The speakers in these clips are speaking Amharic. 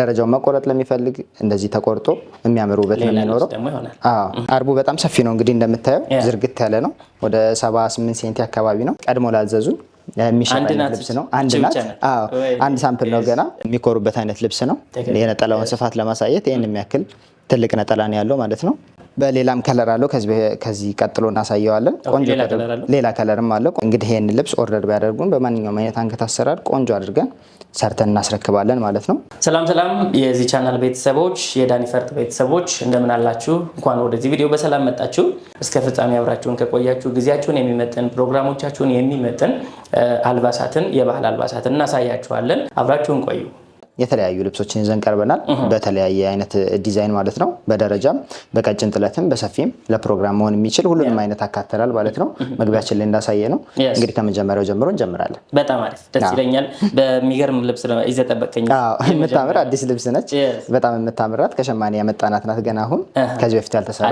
ደረጃውን መቆረጥ ለሚፈልግ እንደዚህ ተቆርጦ የሚያምር ውበት ነው የሚኖረው። አርቡ በጣም ሰፊ ነው እንግዲህ እንደምታየው ዝርግት ያለ ነው። ወደ 78 ሴንቲ አካባቢ ነው። ቀድሞ ላዘዙን የሚሸጥ ልብስ ነው። አንድ ናት። አንድ ሳምፕል ነው ገና። የሚኮሩበት አይነት ልብስ ነው። የነጠላውን ስፋት ለማሳየት ይህን የሚያክል ትልቅ ነጠላ ነው ያለው ማለት ነው። በሌላም ከለር አለው። ከዚህ ቀጥሎ እናሳየዋለን። ቆንጆ ሌላ ከለርም አለው። እንግዲህ ይህን ልብስ ኦርደር ቢያደርጉን በማንኛውም አይነት አንገት አሰራር ቆንጆ አድርገን ሰርተን እናስረክባለን ማለት ነው። ሰላም ሰላም፣ የዚህ ቻናል ቤተሰቦች፣ የዳኒ ፈርጥ ቤተሰቦች እንደምን አላችሁ? እንኳን ወደዚህ ቪዲዮ በሰላም መጣችሁ። እስከ ፍጻሜ አብራችሁን ከቆያችሁ ጊዜያችሁን የሚመጥን ፕሮግራሞቻችሁን የሚመጥን አልባሳትን የባህል አልባሳትን እናሳያችኋለን። አብራችሁን ቆዩ። የተለያዩ ልብሶችን ይዘን ቀርበናል። በተለያየ አይነት ዲዛይን ማለት ነው። በደረጃም በቀጭን ጥለትም በሰፊም ለፕሮግራም መሆን የሚችል ሁሉንም አይነት አካተላል ማለት ነው። መግቢያችን ላይ እንዳሳየ ነው። እንግዲህ ከመጀመሪያው ጀምሮ እንጀምራለን። በጣም አሪፍ ደስ ይለኛል። በሚገርም ልብስ ይዘህ ጠበቀኝ። የምታምር አዲስ ልብስ ነች። በጣም የምታምራት ከሸማኔ ያመጣናት ናት። ገና አሁን ከዚህ በፊት ያልተሰራ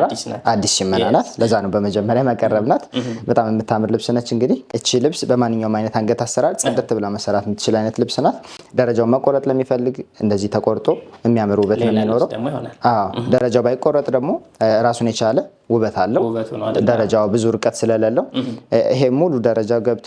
አዲስ ሽመና ናት። ለዛ ነው በመጀመሪያ መቀረብ ናት። በጣም የምታምር ልብስ ነች። እንግዲህ እቺ ልብስ በማንኛውም አይነት አንገት አሰራር ጽድት ብላ መሰራት የምትችል አይነት ልብስ ናት። ደረጃውን መቆረጥ ለሚፈ ሲፈልግ እንደዚህ ተቆርጦ የሚያምር ውበት ነው የሚኖረው። ደረጃው ባይቆረጥ ደግሞ ራሱን የቻለ ውበት አለው። ደረጃው ብዙ ርቀት ስለሌለው ይሄ ሙሉ ደረጃ ገብቶ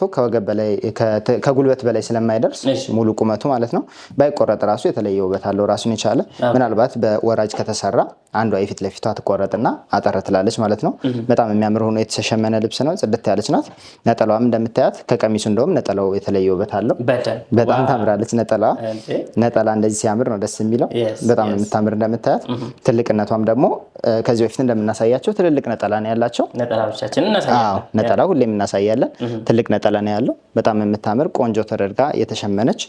ከጉልበት በላይ ስለማይደርስ ሙሉ ቁመቱ ማለት ነው ባይቆረጥ ራሱ የተለየ ውበት አለው ራሱን የቻለ ምናልባት በወራጅ ከተሰራ አንዷ የፊት ለፊቷ ትቆረጥና አጠረ ትላለች ማለት ነው። በጣም የሚያምር ሆኖ የተሸመነ ልብስ ነው። ጽድት ያለች ናት። ነጠላዋም እንደምታያት ከቀሚሱ እንደውም ነጠላው የተለየ ውበት አለው። በጣም ታምራለች ነጠላ ነጠላ እንደዚህ ሲያምር ነው ደስ የሚለው። በጣም የምታምር እንደምታያት ትልቅነቷም ደግሞ ከዚህ በፊት እንደምናሳያቸው ትልልቅ ነጠላ ነው ያላቸው። ነጠላ ሁሌም እናሳያለን። ትልቅ ነጠላ ነው ያለው። በጣም የምታምር ቆንጆ ተደርጋ የተሸመነች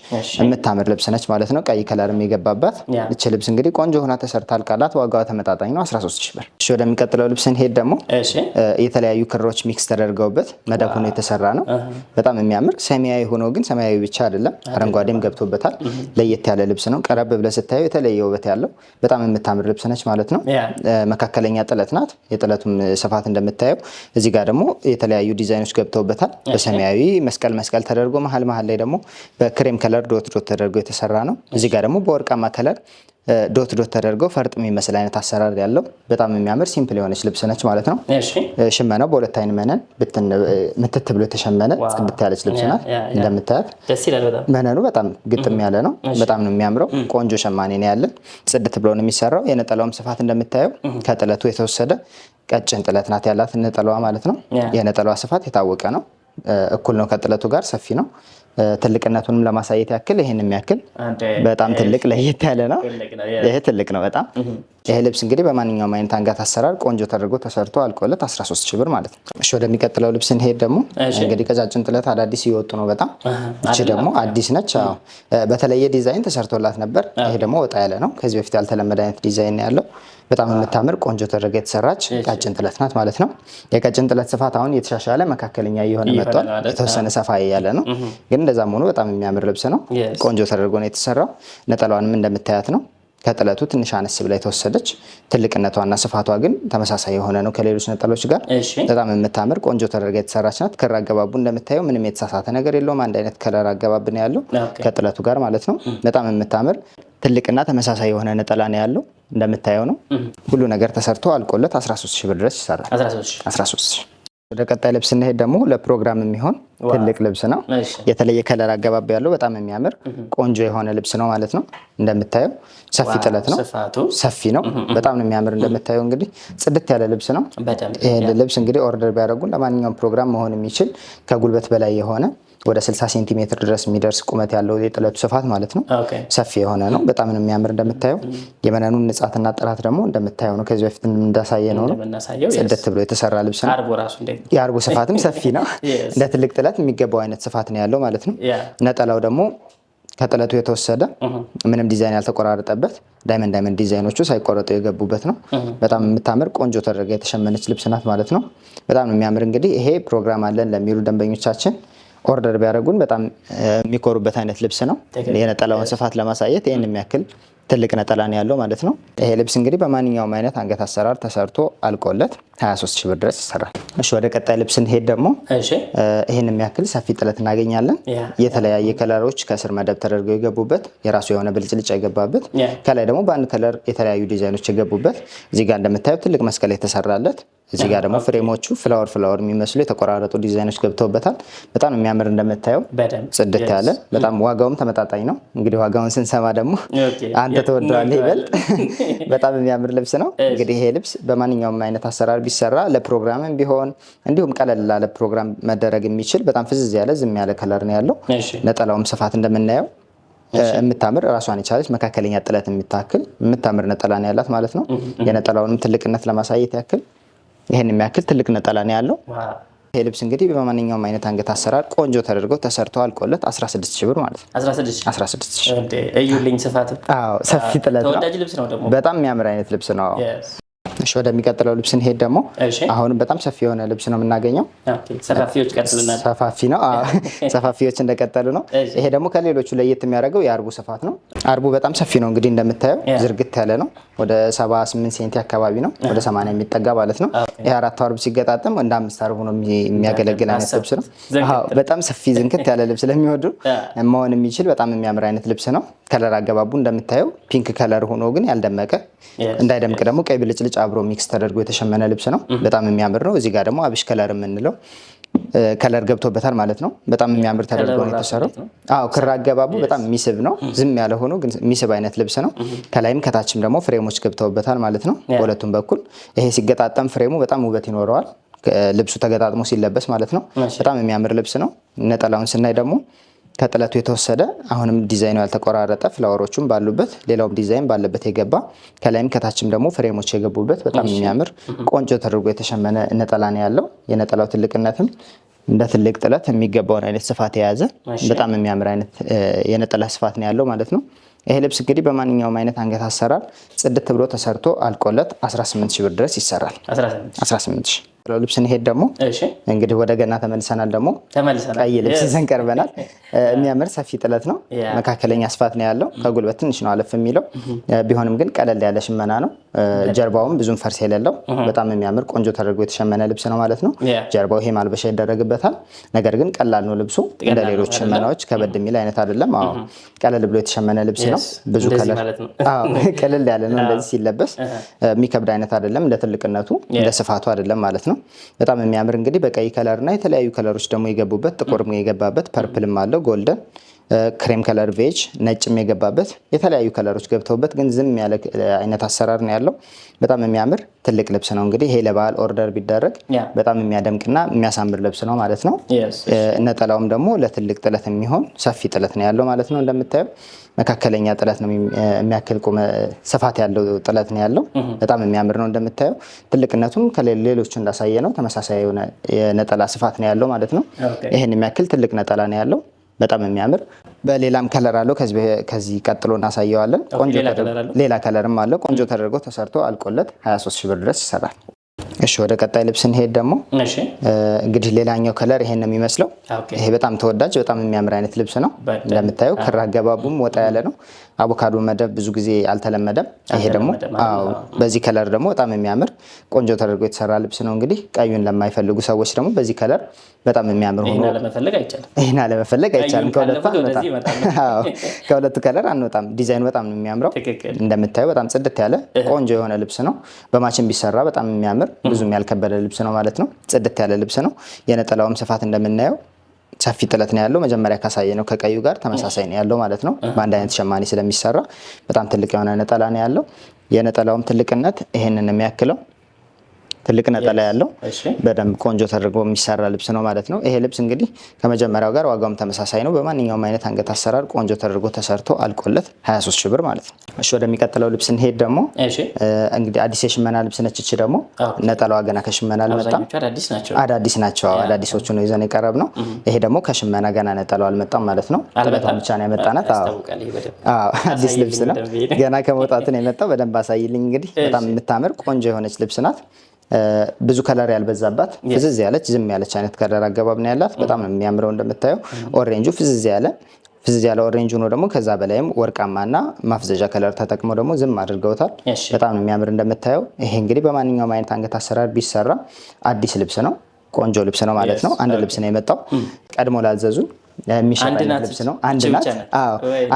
የምታምር ልብስ ነች ማለት ነው። ቀይ ከለር የገባባት እች ልብስ እንግዲህ ቆንጆ ሆና ተሰርታ አልቃላት። ዋጋዋ ተመጣጣኝ ነው 13 ሺህ ብር። እሺ ወደሚቀጥለው ልብስ እንሄድ። ደግሞ የተለያዩ ክሮች ሚክስ ተደርገውበት መደብ ሆኖ የተሰራ ነው። በጣም የሚያምር ሰማያዊ ሆኖ ግን ሰማያዊ ብቻ አይደለም፣ አረንጓዴም ገብቶበታል። ለየት ያለ ልብስ ነው። ቀረብ ብለህ ስታየው የተለየ ውበት ያለው በጣም የምታምር ልብስ ነች ማለት ነው። መካከለኛ ጥለት ናት። ሰንሰለቱም ስፋት እንደምታየው እዚህ ጋር ደግሞ የተለያዩ ዲዛይኖች ገብተውበታል። በሰማያዊ መስቀል መስቀል ተደርጎ መሀል መሀል ላይ ደግሞ በክሬም ከለር ዶት ዶት ተደርጎ የተሰራ ነው። እዚህ ጋር ደግሞ በወርቃማ ከለር ዶት ዶት ተደርገው ፈርጥ የሚመስል አይነት አሰራር ያለው በጣም የሚያምር ሲምፕል የሆነች ልብስ ነች ማለት ነው። ሽመናው በሁለት አይን መነን ምትት ብሎ የተሸመነ ጽድት ያለች ልብስ ናት። እንደምታያት መነኑ በጣም ግጥም ያለ ነው። በጣም ነው የሚያምረው። ቆንጆ ሸማኔ ነው ያለን። ጽድት ብሎ ነው የሚሰራው። የነጠላውም ስፋት እንደምታየው ከጥለቱ የተወሰደ ቀጭን ጥለት ናት ያላት ነጠላዋ ማለት ነው። የነጠላዋ ስፋት የታወቀ ነው። እኩል ነው ከጥለቱ ጋር ሰፊ ነው። ትልቅነቱንም ለማሳየት ያክል ይህን የሚያክል በጣም ትልቅ ለየት ያለ ነው። ይሄ ትልቅ ነው በጣም። ይሄ ልብስ እንግዲህ በማንኛውም አይነት አንገት አሰራር ቆንጆ ተደርጎ ተሰርቶ አልቆለት 13 ሺህ ብር ማለት ነው። እሺ ወደሚቀጥለው ልብስ እንሄድ። ደግሞ እንግዲህ ቀጫጭን ጥለት አዳዲስ እየወጡ ነው በጣም። እቺ ደግሞ አዲስ ነች። አዎ በተለየ ዲዛይን ተሰርቶላት ነበር። ይሄ ደግሞ ወጣ ያለ ነው። ከዚህ በፊት ያልተለመደ አይነት ዲዛይን ያለው በጣም የምታምር ቆንጆ ተደርጋ የተሰራች ቀጭን ጥለት ናት ማለት ነው። የቀጭን ጥለት ስፋት አሁን የተሻሻለ መካከለኛ እየሆነ መጥቷል። የተወሰነ ሰፋ ያለ ነው፣ ግን እንደዛም ሆኖ በጣም የሚያምር ልብስ ነው። ቆንጆ ተደርጎ ነው የተሰራው። ነጠላዋንም እንደምታያት ነው። ከጥለቱ ትንሽ አነስ ብላ የተወሰደች ትልቅነቷና ስፋቷ ግን ተመሳሳይ የሆነ ነው ከሌሎች ነጠሎች ጋር በጣም የምታምር ቆንጆ ተደርጋ የተሰራች ናት። ክር አገባቡ እንደምታየው ምንም የተሳሳተ ነገር የለውም። አንድ አይነት ከለር አገባብ ነው ያለው ከጥለቱ ጋር ማለት ነው። በጣም የምታምር ትልቅና ተመሳሳይ የሆነ ነጠላ ነው ያለው። እንደምታየው ነው። ሁሉ ነገር ተሰርቶ አልቆለት 13 ሺህ ብር ድረስ ይሰራል። 13 ወደ ቀጣይ ልብስ ስንሄድ ደግሞ ለፕሮግራም የሚሆን ትልቅ ልብስ ነው። የተለየ ከለር አገባብ ያለው በጣም የሚያምር ቆንጆ የሆነ ልብስ ነው ማለት ነው። እንደምታየው ሰፊ ጥለት ነው፣ ሰፊ ነው፣ በጣም ነው የሚያምር። እንደምታየው እንግዲህ ጽድት ያለ ልብስ ነው። ይህ ልብስ እንግዲህ ኦርደር ቢያደርጉን ለማንኛውም ፕሮግራም መሆን የሚችል ከጉልበት በላይ የሆነ ወደ 60 ሴንቲሜትር ድረስ የሚደርስ ቁመት ያለው የጥለቱ ስፋት ማለት ነው። ሰፊ የሆነ ነው። በጣም ነው የሚያምር እንደምታየው። የመነኑን ንጻትና ጥራት ደግሞ እንደምታየው ነው። ከዚህ በፊት እንዳሳየ ነው ነው ጽድት ብሎ የተሰራ ልብስ ነው። የአርቡ ስፋትም ሰፊ ነው። እንደ ትልቅ ጥለት የሚገባው አይነት ስፋት ነው ያለው ማለት ነው። ነጠላው ደግሞ ከጥለቱ የተወሰደ uh-huh. ምንም ዲዛይን ያልተቆራረጠበት ዳይመንድ ዳይመንድ ዲዛይኖቹ ሳይቆረጡ የገቡበት ነው። uh-huh. በጣም የምታምር ቆንጆ ተደርጋ የተሸመነች ልብስ ናት ማለት ነው። በጣም ነው የሚያምር። እንግዲህ ይሄ ፕሮግራም አለን ለሚሉ ደንበኞቻችን ኦርደር ቢያደርጉን በጣም የሚኮሩበት አይነት ልብስ ነው። የነጠላውን ስፋት ለማሳየት ይህን የሚያክል ትልቅ ነጠላ ነው ያለው ማለት ነው። ይሄ ልብስ እንግዲህ በማንኛውም አይነት አንገት አሰራር ተሰርቶ አልቆለት 23 ሺ ብር ድረስ ይሰራል። እሺ ወደ ቀጣይ ልብስ እንሄድ። ደግሞ ይህን የሚያክል ሰፊ ጥለት እናገኛለን። የተለያየ ከለሮች ከስር መደብ ተደርገው የገቡበት የራሱ የሆነ ብልጭልጫ የገባበት ከላይ ደግሞ በአንድ ከለር የተለያዩ ዲዛይኖች የገቡበት እዚህ ጋር ትልቅ መስቀል የተሰራለት እዚህ ጋር ደግሞ ፍሬሞቹ ፍላወር ፍላወር የሚመስሉ የተቆራረጡ ዲዛይኖች ገብተውበታል። በጣም የሚያምር እንደምታየው ጽድት ያለ በጣም ዋጋውም ተመጣጣኝ ነው። እንግዲህ ዋጋውን ስንሰማ ደግሞ አንተ ተወደዋል ይበልጥ በጣም የሚያምር ልብስ ነው። እንግዲህ ይሄ ልብስ በማንኛውም አይነት አሰራር ቢሰራ ለፕሮግራምም ቢሆን እንዲሁም ቀለል ላለ ፕሮግራም መደረግ የሚችል በጣም ፍዝዝ ያለ ዝም ያለ ከለር ነው ያለው። ነጠላውም ስፋት እንደምናየው የምታምር ራሷን የቻለች መካከለኛ ጥለት የምታክል የምታምር ነጠላ ነው ያላት ማለት ነው። የነጠላውንም ትልቅነት ለማሳየት ያክል ይህን የሚያክል ትልቅ ነጠላ ነው ያለው። ይሄ ልብስ እንግዲህ በማንኛውም አይነት አንገት አሰራር ቆንጆ ተደርጎ ተሰርቶ አልቆለት 16 ሺህ ብር ማለት ነው። እዩልኝ፣ ስፋት ሰፊ ጥለት ነው። በጣም የሚያምር አይነት ልብስ ነው። እሺ ወደሚቀጥለው ልብስ እንሄድ ደግሞ። አሁንም በጣም ሰፊ የሆነ ልብስ ነው የምናገኘው። ሰፋፊ ነው፣ ሰፋፊዎች እንደቀጠሉ ነው። ይሄ ደግሞ ከሌሎቹ ለየት የሚያደርገው የአርቡ ስፋት ነው። አርቡ በጣም ሰፊ ነው። እንግዲህ እንደምታየው ዝርግት ያለ ነው። ወደ 78 ሴንቲ አካባቢ ነው፣ ወደ 80 የሚጠጋ ማለት ነው። ይሄ አራቱ አርብ ሲገጣጠም እንደ አምስት አርቡ ነው የሚያገለግል አይነት ልብስ ነው። በጣም ሰፊ ዝንክት ያለ ልብስ ለሚወዱ መሆን የሚችል በጣም የሚያምር አይነት ልብስ ነው። ከለር አገባቡ እንደምታየው ፒንክ ከለር ሆኖ ግን ያልደመቀ እንዳይደምቅ ደግሞ ቀይ ብልጭልጭ አብሮ ሚክስ ተደርጎ የተሸመነ ልብስ ነው። በጣም የሚያምር ነው። እዚህ ጋር ደግሞ አብሽ ከለር የምንለው ከለር ገብቶበታል ማለት ነው። በጣም የሚያምር ተደርጎ ነው የተሰራው። አዎ ክር አገባቡ በጣም የሚስብ ነው። ዝም ያለ ሆኖ ግን የሚስብ አይነት ልብስ ነው። ከላይም ከታችም ደግሞ ፍሬሞች ገብተውበታል ማለት ነው። በሁለቱም በኩል ይሄ ሲገጣጠም ፍሬሙ በጣም ውበት ይኖረዋል። ልብሱ ተገጣጥሞ ሲለበስ ማለት ነው። በጣም የሚያምር ልብስ ነው። ነጠላውን ስናይ ደግሞ ከጥለቱ የተወሰደ አሁንም ዲዛይኑ ያልተቆራረጠ ፍላወሮቹም ባሉበት ሌላውም ዲዛይን ባለበት የገባ ከላይም ከታችም ደግሞ ፍሬሞች የገቡበት በጣም የሚያምር ቆንጆ ተደርጎ የተሸመነ ነጠላ ነው ያለው። የነጠላው ትልቅነትም እንደ ትልቅ ጥለት የሚገባውን አይነት ስፋት የያዘ በጣም የሚያምር አይነት የነጠላ ስፋት ነው ያለው ማለት ነው። ይሄ ልብስ እንግዲህ በማንኛውም አይነት አንገት አሰራር ጽድት ብሎ ተሰርቶ አልቆለት 18 ብር ድረስ ይሰራል። 18 ልብስ እንሄድ ደግሞ እንግዲህ ወደ ገና ተመልሰናል። ደግሞ ቀይ ልብስ ይዘን ቀርበናል። የሚያምር ሰፊ ጥለት ነው። መካከለኛ ስፋት ነው ያለው። ከጉልበት ትንሽ ነው አለፍ የሚለው mm-hmm. ቢሆንም ግን ቀለል ያለ ሽመና ነው። mm-hmm. ጀርባውም ብዙም ፈርስ የሌለው mm-hmm. በጣም የሚያምር ቆንጆ ተደርጎ የተሸመነ ልብስ ነው ማለት ነው። ጀርባው ይሄ ማልበሻ ይደረግበታል። ነገር ግን ቀላል ነው ልብሱ። እንደ ሌሎች ሽመናዎች ከበድ የሚል አይነት አይደለም። አዎ ቀለል ብሎ የተሸመነ ልብስ ነው። ብዙ ቀለል ያለ ነው። እንደዚህ ሲለበስ uh-huh. የሚከብድ አይነት አይደለም። እንደ ትልቅነቱ እንደ ስፋቱ አይደለም ማለት ነው። ነው። በጣም የሚያምር እንግዲህ በቀይ ከለር እና የተለያዩ ከለሮች ደግሞ የገቡበት ጥቁር የገባበት ፐርፕልም አለው ጎልደን ክሬም ከለር ቬጅ ነጭም የገባበት የተለያዩ ከለሮች ገብተውበት ግን ዝም ያለ አይነት አሰራር ነው ያለው። በጣም የሚያምር ትልቅ ልብስ ነው እንግዲህ ይሄ ለበዓል ኦርደር ቢደረግ በጣም የሚያደምቅና የሚያሳምር ልብስ ነው ማለት ነው። ነጠላውም ደግሞ ለትልቅ ጥለት የሚሆን ሰፊ ጥለት ነው ያለው ማለት ነው። እንደምታየው መካከለኛ ጥለት ነው የሚያክል ቁመ ስፋት ያለው ጥለት ነው ያለው። በጣም የሚያምር ነው እንደምታየው። ትልቅነቱም ከሌሎቹ እንዳሳየ ነው ተመሳሳይ የሆነ የነጠላ ስፋት ነው ያለው ማለት ነው። ይህን የሚያክል ትልቅ ነጠላ ነው ያለው። በጣም የሚያምር በሌላም ከለር አለው። ከዚህ ቀጥሎ እናሳየዋለን። ሌላ ከለርም አለው። ቆንጆ ተደርጎ ተሰርቶ አልቆለት 23 ሺ ብር ድረስ ይሰራል። እሺ ወደ ቀጣይ ልብስ እንሄድ ደግሞ እንግዲህ ሌላኛው ከለር ይሄን ነው የሚመስለው። ይሄ በጣም ተወዳጅ በጣም የሚያምር አይነት ልብስ ነው። እንደምታየው ክር አገባቡም ወጣ ያለ ነው። አቮካዶ መደብ ብዙ ጊዜ አልተለመደም። ይሄ ደግሞ በዚህ ከለር ደግሞ በጣም የሚያምር ቆንጆ ተደርጎ የተሰራ ልብስ ነው። እንግዲህ ቀዩን ለማይፈልጉ ሰዎች ደግሞ በዚህ ከለር በጣም የሚያምር ሆኖ ይህን አለመፈለግ አይቻልም። ከሁለቱ ከለር አንወጣም። ዲዛይኑ በጣም ነው የሚያምረው። እንደምታየው በጣም ጽድት ያለ ቆንጆ የሆነ ልብስ ነው። በማችን ቢሰራ በጣም የሚያምር ብዙም ያልከበደ ልብስ ነው ማለት ነው። ጽድት ያለ ልብስ ነው። የነጠላውም ስፋት እንደምናየው ሰፊ ጥለት ነው ያለው። መጀመሪያ ካሳየ ነው ከቀዩ ጋር ተመሳሳይ ነው ያለው ማለት ነው። በአንድ አይነት ሸማኔ ስለሚሰራ በጣም ትልቅ የሆነ ነጠላ ነው ያለው። የነጠላውም ትልቅነት ይህንን የሚያክለው ትልቅ ነጠላ ያለው በደንብ ቆንጆ ተደርጎ የሚሰራ ልብስ ነው ማለት ነው። ይሄ ልብስ እንግዲህ ከመጀመሪያው ጋር ዋጋውም ተመሳሳይ ነው። በማንኛውም አይነት አንገት አሰራር ቆንጆ ተደርጎ ተሰርቶ አልቆለት 23 ሺህ ብር ማለት ነው። እሺ ወደሚቀጥለው ልብስ እንሄድ። ደግሞ እንግዲህ አዲስ የሽመና ልብስ ነች። እቺ ደግሞ ነጠላዋ ገና ከሽመና አልመጣም። አዳዲስ ናቸው። አዳዲሶቹ ነው ይዘን የቀረብ ነው። ይሄ ደግሞ ከሽመና ገና ነጠላው አልመጣም ማለት ነው። ጥለቷን ብቻ ነው የመጣናት። አዲስ ልብስ ነው ገና ከመውጣትን የመጣው በደንብ አሳይልኝ። እንግዲህ በጣም የምታምር ቆንጆ የሆነች ልብስ ናት። ብዙ ከለር ያልበዛባት ፍዝዝ ያለች ዝም ያለች አይነት ከለር አገባብ ነው ያላት። በጣም ነው የሚያምረው። እንደምታየው ኦሬንጁ ፍዝዝ ያለ ፍዝዝ ያለ ኦሬንጅ ሆኖ ደግሞ ከዛ በላይም ወርቃማና ማፍዘዣ ከለር ተጠቅመው ደግሞ ዝም አድርገውታል። በጣም ነው የሚያምር እንደምታየው። ይሄ እንግዲህ በማንኛውም አይነት አንገት አሰራር ቢሰራ አዲስ ልብስ ነው፣ ቆንጆ ልብስ ነው ማለት ነው። አንድ ልብስ ነው የመጣው ቀድሞ ላዘዙን የሚሸጥ ልብስ ነው። አንድ ናት።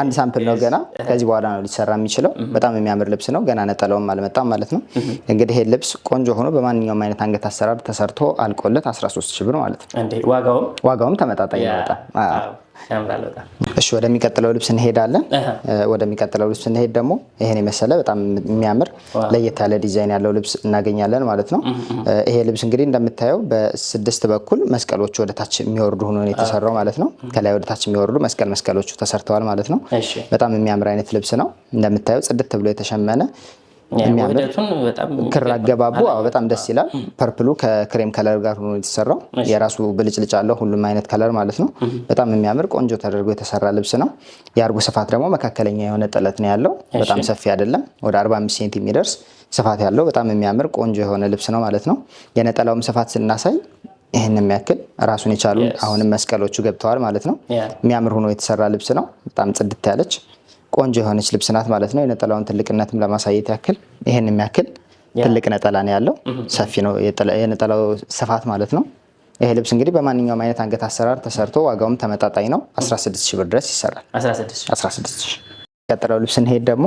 አንድ ሳምፕል ነው ገና ከዚህ በኋላ ነው ሊሰራ የሚችለው። በጣም የሚያምር ልብስ ነው። ገና ነጠላውም አልመጣም ማለት ነው። እንግዲህ ይሄ ልብስ ቆንጆ ሆኖ በማንኛውም አይነት አንገት አሰራር ተሰርቶ አልቆለት 13 ሺህ ብር ማለት ነው። ዋጋውም ተመጣጣኝ ነው በጣም እሺ ወደሚቀጥለው ልብስ እንሄዳለን። ወደሚቀጥለው ልብስ እንሄድ ደግሞ ይሄን የመሰለ በጣም የሚያምር ለየት ያለ ዲዛይን ያለው ልብስ እናገኛለን ማለት ነው። ይሄ ልብስ እንግዲህ እንደምታየው በስድስት በኩል መስቀሎቹ ወደታች የሚወርዱ ሆኖ የተሰራው ማለት ነው። ከላይ ወደታች የሚወርዱ መስቀል መስቀሎቹ ተሰርተዋል ማለት ነው። በጣም የሚያምር አይነት ልብስ ነው። እንደምታየው ጽድት ብሎ የተሸመነ ክር አገባቡ በጣም ደስ ይላል። ፐርፕሉ ከክሬም ከለር ጋር ሆኖ የተሰራው የራሱ ብልጭልጭ አለው፣ ሁሉም አይነት ከለር ማለት ነው። በጣም የሚያምር ቆንጆ ተደርጎ የተሰራ ልብስ ነው። የአርጉ ስፋት ደግሞ መካከለኛ የሆነ ጥለት ነው ያለው፣ በጣም ሰፊ አይደለም፣ ወደ 45 ሴንቲ የሚደርስ ስፋት ያለው በጣም የሚያምር ቆንጆ የሆነ ልብስ ነው ማለት ነው። የነጠላውም ስፋት ስናሳይ ይህን የሚያክል ራሱን የቻሉ አሁንም መስቀሎቹ ገብተዋል ማለት ነው። የሚያምር ሆኖ የተሰራ ልብስ ነው። በጣም ጽድት ያለች ቆንጆ የሆነች ልብስ ናት ማለት ነው። የነጠላውን ትልቅነትም ለማሳየት ያክል ይህን የሚያክል ትልቅ ነጠላ ነው ያለው። ሰፊ ነው የነጠላው ስፋት ማለት ነው። ይሄ ልብስ እንግዲህ በማንኛውም አይነት አንገት አሰራር ተሰርቶ ዋጋውም ተመጣጣኝ ነው። 16 ሺህ ብር ድረስ ይሰራል። 16 ሺህ ቀጥለው ልብስ እንሄድ ደግሞ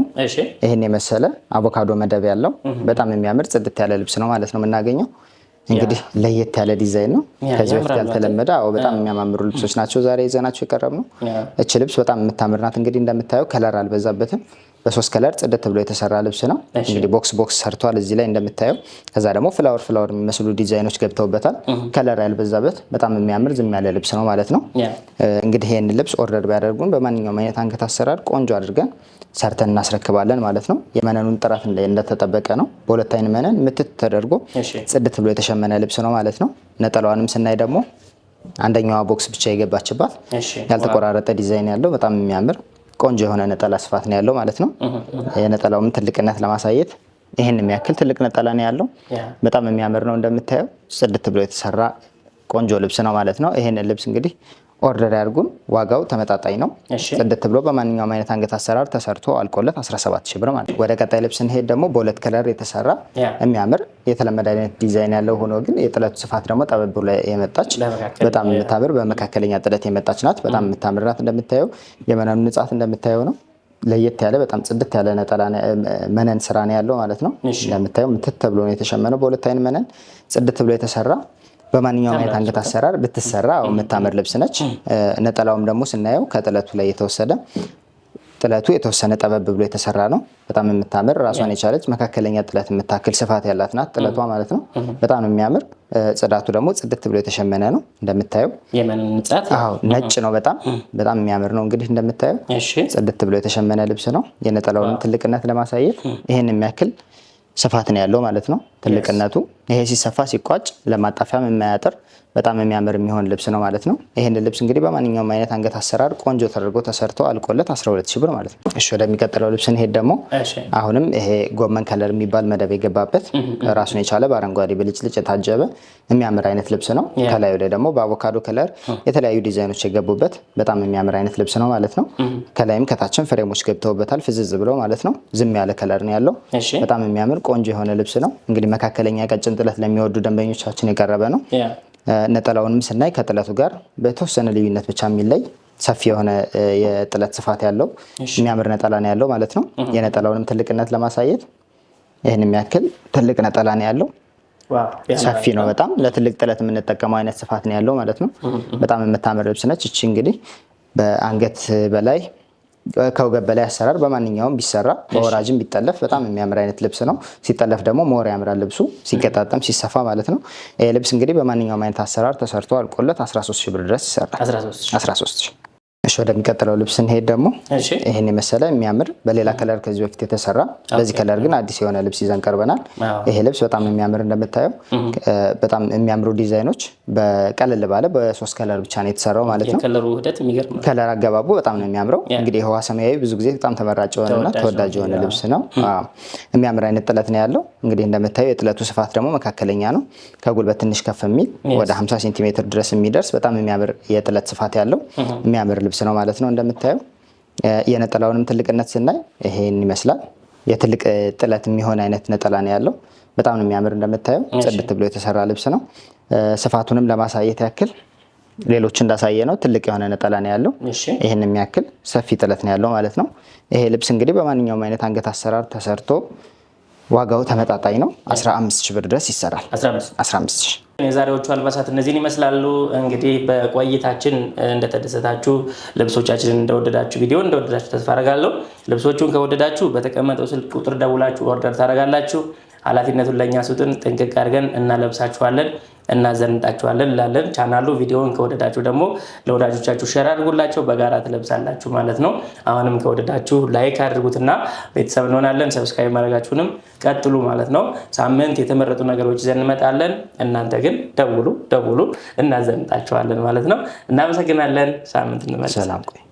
ይህን የመሰለ አቮካዶ መደብ ያለው በጣም የሚያምር ጽድት ያለ ልብስ ነው ማለት ነው የምናገኘው እንግዲህ ለየት ያለ ዲዛይን ነው። ከዚህ በፊት ያልተለመደ አዎ፣ በጣም የሚያማምሩ ልብሶች ናቸው ዛሬ ይዘናቸው የቀረብ ነው። እች ልብስ በጣም የምታምር ናት። እንግዲህ እንደምታየው ከለር አልበዛበትም። በሶስት ከለር ጽድት ብሎ የተሰራ ልብስ ነው። እንግዲህ ቦክስ ቦክስ ሰርቷል እዚህ ላይ እንደምታየው። ከዛ ደግሞ ፍላወር ፍላወር የሚመስሉ ዲዛይኖች ገብተውበታል። ከለር ያልበዛበት በጣም የሚያምር ዝም ያለ ልብስ ነው ማለት ነው። እንግዲህ ይህን ልብስ ኦርደር ቢያደርጉን በማንኛውም አይነት አንገት አሰራር ቆንጆ አድርገን ሰርተን እናስረክባለን ማለት ነው። የመነኑን ጥራት እንደተጠበቀ ነው። በሁለት አይን መነን ምትት ተደርጎ ጽድት ብሎ የተሸመነ ልብስ ነው ማለት ነው። ነጠላዋንም ስናይ ደግሞ አንደኛዋ ቦክስ ብቻ የገባችባት ያልተቆራረጠ ዲዛይን ያለው በጣም የሚያምር ቆንጆ የሆነ ነጠላ ስፋት ነው ያለው ማለት ነው። የነጠላውም ትልቅነት ለማሳየት ይህን የሚያክል ትልቅ ነጠላ ነው ያለው። በጣም የሚያምር ነው እንደምታየው፣ ጽድት ብሎ የተሰራ ቆንጆ ልብስ ነው ማለት ነው። ይህንን ልብስ እንግዲህ ኦርደር ያድርጉን። ዋጋው ተመጣጣኝ ነው። ጽድት ብሎ በማንኛውም አይነት አንገት አሰራር ተሰርቶ አልቆለት 17 ሺህ ብር ማለት ነው። ወደ ቀጣይ ልብስ ስንሄድ ደግሞ በሁለት ከለር የተሰራ የሚያምር የተለመደ አይነት ዲዛይን ያለው ሆኖ ግን የጥለቱ ስፋት ደግሞ ጠበብ ብሎ የመጣች በጣም የምታምር በመካከለኛ ጥለት የመጣች ናት። በጣም የምታምር ናት። እንደምታየው የመነኑ ንጻት እንደምታየው ነው። ለየት ያለ በጣም ጽድት ያለ ነጠላ መነን ስራ ነው ያለው ማለት ነው። እንደምታየው ምትት ተብሎ ነው የተሸመነው። በሁለት አይን መነን ጽድት ብሎ የተሰራ በማንኛውም አይነት አንገት አሰራር ብትሰራ የምታምር ልብስ ነች። ነጠላውም ደግሞ ስናየው ከጥለቱ ላይ የተወሰደ ጥለቱ የተወሰነ ጠበብ ብሎ የተሰራ ነው። በጣም የምታምር ራሷን የቻለች መካከለኛ ጥለት የምታክል ስፋት ያላት ናት፣ ጥለቷ ማለት ነው። በጣም ነው የሚያምር። ጽዳቱ ደግሞ ጽድት ብሎ የተሸመነ ነው። እንደምታየው ነጭ ነው። በጣም በጣም የሚያምር ነው። እንግዲህ እንደምታየው ጽድት ብሎ የተሸመነ ልብስ ነው። የነጠላውን ትልቅነት ለማሳየት ይህን የሚያክል ስፋት ነው ያለው ማለት ነው ትልቅነቱ ይሄ ሲሰፋ ሲቋጭ ለማጣፊያም የማያጥር በጣም የሚያምር የሚሆን ልብስ ነው ማለት ነው። ይህንን ልብስ እንግዲህ በማንኛውም አይነት አንገት አሰራር ቆንጆ ተደርጎ ተሰርቶ አልቆለት 12 ሺ ብር ማለት ነው። እሺ ወደሚቀጥለው ልብስ እንሄድ። ደግሞ አሁንም ይሄ ጎመን ከለር የሚባል መደብ የገባበት ራሱን የቻለ በአረንጓዴ ብልጭልጭ የታጀበ የሚያምር አይነት ልብስ ነው። ከላዩ ላይ ደግሞ በአቮካዶ ከለር የተለያዩ ዲዛይኖች የገቡበት በጣም የሚያምር አይነት ልብስ ነው ማለት ነው። ከላይም ከታችም ፍሬሞች ገብተውበታል ፍዝዝ ብለው ማለት ነው። ዝም ያለ ከለር ነው ያለው። በጣም የሚያምር ቆንጆ የሆነ ልብስ ነው እንግዲህ መካከለኛ ቀጭን ጥለት ለሚወዱ ደንበኞቻችን የቀረበ ነው። ነጠላውንም ስናይ ከጥለቱ ጋር በተወሰነ ልዩነት ብቻ የሚለይ ሰፊ የሆነ የጥለት ስፋት ያለው የሚያምር ነጠላ ነው ያለው ማለት ነው። የነጠላውንም ትልቅነት ለማሳየት ይህን የሚያክል ትልቅ ነጠላ ነው ያለው። ሰፊ ነው በጣም ለትልቅ ጥለት የምንጠቀመው አይነት ስፋት ነው ያለው ማለት ነው። በጣም የምታምር ልብስ ነች። እቺ እንግዲህ በአንገት በላይ ከወገብ በላይ አሰራር በማንኛውም ቢሰራ በወራጅም ቢጠለፍ በጣም የሚያምር አይነት ልብስ ነው። ሲጠለፍ ደግሞ ሞር ያምራል ልብሱ ሲገጣጠም ሲሰፋ ማለት ነው። ይህ ልብስ እንግዲህ በማንኛውም አይነት አሰራር ተሰርቶ አልቆለት 13 ሺህ ብር ድረስ ይሰራል። 13 ሺህ ወደሚቀጥለው ልብስ ስንሄድ ደግሞ ይህን የመሰለ የሚያምር በሌላ ከለር ከዚህ በፊት የተሰራ በዚህ ከለር ግን አዲስ የሆነ ልብስ ይዘን ቀርበናል። ይሄ ልብስ በጣም የሚያምር እንደምታየው በጣም የሚያምሩ ዲዛይኖች በቀለል ባለ በሶስት ከለር ብቻ ነው የተሰራው ማለት ነው። ከለር አገባቡ በጣም ነው የሚያምረው። እንግዲህ የውሃ ሰማያዊ ብዙ ጊዜ በጣም ተመራጭ የሆነና ተወዳጅ የሆነ ልብስ ነው። የሚያምር አይነት ጥለት ነው ያለው። እንግዲህ እንደምታየው የጥለቱ ስፋት ደግሞ መካከለኛ ነው፣ ከጉልበት ትንሽ ከፍ የሚል ወደ 50 ሴንቲሜትር ድረስ የሚደርስ በጣም የሚያምር የጥለት ስፋት ያለው የሚያምር ልብስ ነው ነው ማለት ነው። እንደምታየው የነጠላውንም ትልቅነት ስናይ ይሄን ይመስላል። የትልቅ ጥለት የሚሆን አይነት ነጠላ ነው ያለው። በጣም ነው የሚያምር። እንደምታየው ጽድት ብሎ የተሰራ ልብስ ነው። ስፋቱንም ለማሳየት ያክል ሌሎች እንዳሳየ ነው ትልቅ የሆነ ነጠላ ነው ያለው። ይህን የሚያክል ሰፊ ጥለት ነው ያለው ማለት ነው። ይሄ ልብስ እንግዲህ በማንኛውም አይነት አንገት አሰራር ተሰርቶ ዋጋው ተመጣጣኝ ነው። 15 ሺህ ብር ድረስ ይሰራል። 15 ሺህ የዛሬዎቹ አልባሳት እነዚህን ይመስላሉ። እንግዲህ በቆይታችን እንደተደሰታችሁ ልብሶቻችንን እንደወደዳችሁ ቪዲዮ እንደወደዳችሁ ተስፋ አደርጋለሁ። ልብሶቹን ከወደዳችሁ በተቀመጠው ስልክ ቁጥር ደውላችሁ ኦርደር ታደርጋላችሁ። ኃላፊነቱን ለእኛ ስጡን። ጥንቅቅ አድርገን እናለብሳችኋለን፣ እናዘንጣችኋለን እላለን። ቻናሉ ቪዲዮውን ከወደዳችሁ ደግሞ ለወዳጆቻችሁ ሸር አድርጉላቸው፣ በጋራ ትለብሳላችሁ ማለት ነው። አሁንም ከወደዳችሁ ላይክ አድርጉትና ቤተሰብ እንሆናለን። ሰብስክራይብ ማድረጋችሁንም ቀጥሉ ማለት ነው። ሳምንት የተመረጡ ነገሮች ይዘን እንመጣለን። እናንተ ግን ደውሉ ደውሉ፣ እናዘንጣችኋለን ማለት ነው። እናመሰግናለን። ሳምንት እንመለሳለን።